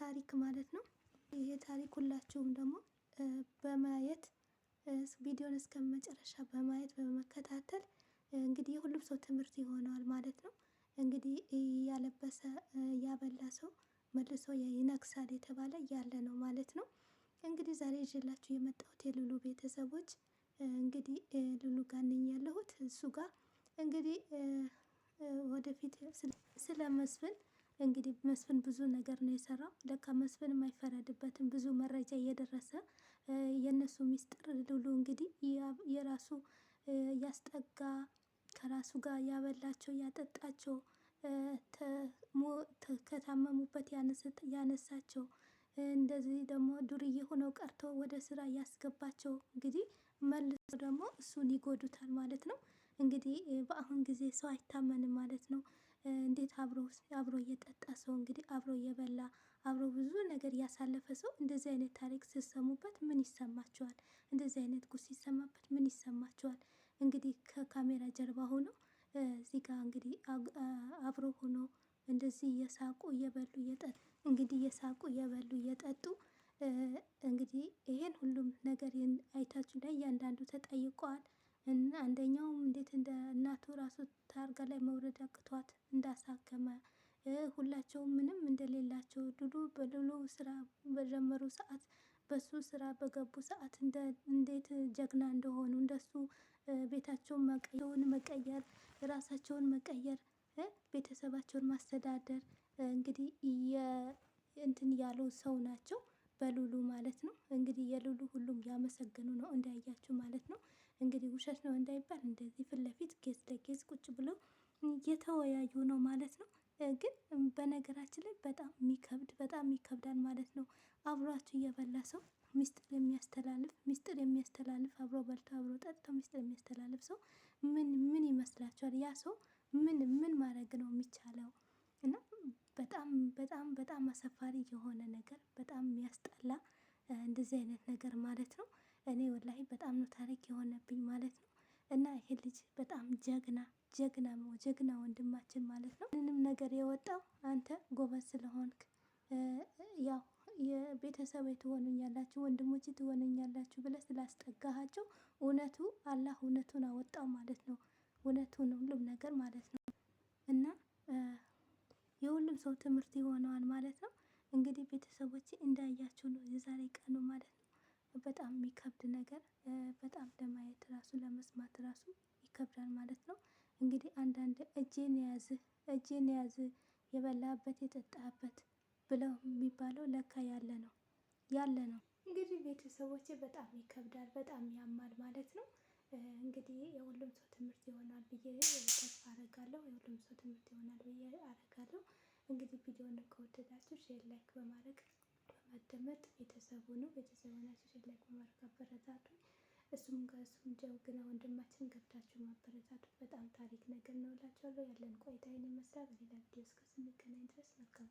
ታሪክ ማለት ነው። ይሄ ታሪክ ሁላችሁም ደግሞ በማየት ቪዲዮን እስከ መጨረሻ በማየት በመከታተል እንግዲህ የሁሉም ሰው ትምህርት ይሆነዋል ማለት ነው። እንግዲህ ያለበሰ ያበላ ሰው መልሶ ይነግሳል የተባለ ያለ ነው ማለት ነው። እንግዲህ ዛሬ ይዤላችሁ የመጣሁት የሉሉ ቤተሰቦች እንግዲህ ሉሉ ጋር ነኝ ያለሁት እሱ ጋር እንግዲህ ወደፊት ስለ መስፍን እንግዲህ መስፍን ብዙ ነገር ነው የሰራው። ለካ መስፍን አይፈረድበትም። ብዙ መረጃ እየደረሰ የእነሱ ሚስጥር ሉሉ እንግዲህ የራሱ ያስጠጋ ከራሱ ጋር ያበላቸው ያጠጣቸው ከታመሙበት ያነሳቸው እንደዚህ ደግሞ ዱርዬ ሆነው ቀርቶ ወደ ስራ ያስገባቸው እንግዲህ መልሶ ደግሞ እሱን ይጎዱታል ማለት ነው። እንግዲህ በአሁን ጊዜ ሰው አይታመንም ማለት ነው። እንዴት አብሮ አብሮ እየጠጣ ሰው እንግዲህ አብሮ እየበላ አብሮ ብዙ ነገር ያሳለፈ ሰው እንደዚህ አይነት ታሪክ ሲሰሙበት ምን ይሰማችኋል? እንደዚህ አይነት ጉድ ሲሰማበት ምን ይሰማችኋል? እንግዲህ ከካሜራ ጀርባ ሆኖ እዚህ ጋር እንግዲህ አብሮ ሆኖ እንደዚህ እየሳቁ እየበሉ እየጠጡ እንግዲህ እየሳቁ እየበሉ እየጠጡ እንግዲህ ይሄን ሁሉም ነገር አይታችሁ ላይ እያንዳንዱ ተጠይቀዋል። አንደኛውም እንዴት እንደ እናቱ ራሱ ታርጋ ላይ መውረድ አቅቷት እንዳሳከመ ሁላቸውም ምንም እንደሌላቸው ድሉ በድሉ ስራ በጀመሩ ሰዓት በሱ ስራ በገቡ ሰዓት እንዴት ጀግና እንደሆኑ እንደሱ ቤታቸውን መቀየውን መቀየር ራሳቸውን መቀየር ቤተሰባቸውን ማስተዳደር እንግዲህ እንትን ያሉ ሰው ናቸው በሉሉ ማለት ነው። እንግዲህ የሉሉ ሁሉም ያመሰገኑ ነው እንዳያችሁ ማለት ነው። እንግዲህ ውሸት ነው እንዳይባል እንደዚህ ፊት ለፊት ጌዝ ለጌዝ ቁጭ ብለው እየተወያዩ ነው ማለት ነው። ግን በነገራችን ላይ በጣም የሚከብድ በጣም ይከብዳል ማለት ነው። አብሯችሁ እየበላ ሰው ሚስጥር የሚያስተላልፍ ሚስጥር የሚያስተላልፍ አብሮ በልቶ አብሮ ጠጥቶ ሚስጥር የሚያስተላልፍ ሰው ምን ምን ይመስላችኋል? ያ ሰው ምን ምን ማድረግ ነው የሚቻለው? እና በጣም በጣም በጣም አሰፋሪ የሆነ ነገር በጣም የሚያስጠላ እንደዚህ አይነት ነገር ማለት ነው። እኔ ወላሂ በጣም ነው ታሪክ የሆነብኝ ማለት ነው። እና ይሄ ልጅ በጣም ጀግና ጀግና ጀግና ወንድማችን ማለት ነው። ምንም ነገር የወጣው አንተ ጎበዝ ስለሆንክ ያው የቤተሰብ ትሆነኛላችሁ ወንድሞች ትሆነኛላችሁ ብለህ ስላስጠጋሃቸው እውነቱ አላህ እውነቱን አወጣው ማለት ነው። እውነቱን ሁሉም ነገር ማለት ነው። እና የሁሉም ሰው ትምህርት ይሆነዋል ማለት ነው። እንግዲህ ቤተሰቦች እንዳያችሁ ነው የዛሬ ቀኑ ማለት ነው። በጣም የሚከብድ ነገር በጣም ለማየት ራሱ ለመስማት ራሱ ይከብዳል ማለት ነው። እንግዲህ አንዳንድ እጄን የያዝ እጄን የያዝ የበላበት የጠጣበት ብለው የሚባለው ለካ ያለ ነው ያለ ነው። እንግዲህ ቤተሰቦቼ በጣም ይከብዳል በጣም ያማል ማለት ነው። እንግዲህ የሁሉም ሰው ትምህርት ይሆናል ብዬ ተስፋ አደርጋለሁ። የሁሉም ሰው ትምህርት ይሆናል ብዬ አደርጋለሁ። እንግዲህ ቪዲዮውን ከወደዳችሁ ሼር ላይክ በማድረግ በማደመጥ ቤተሰቡ ነው ቤተሰቡናችሁ ሲለቅ በማድረግ አበረታቱ። እሱም ጋር እሱም ጀግና ወንድማችን ገብታችሁ ማበረታቱ በጣም ታሪክ ነገር ነው እላችኋለሁ። ያለን ቆይታ ይህን ይመስላል። በሌላ ቪዲዮ እስከ ስንገናኝ ድረስ መልካም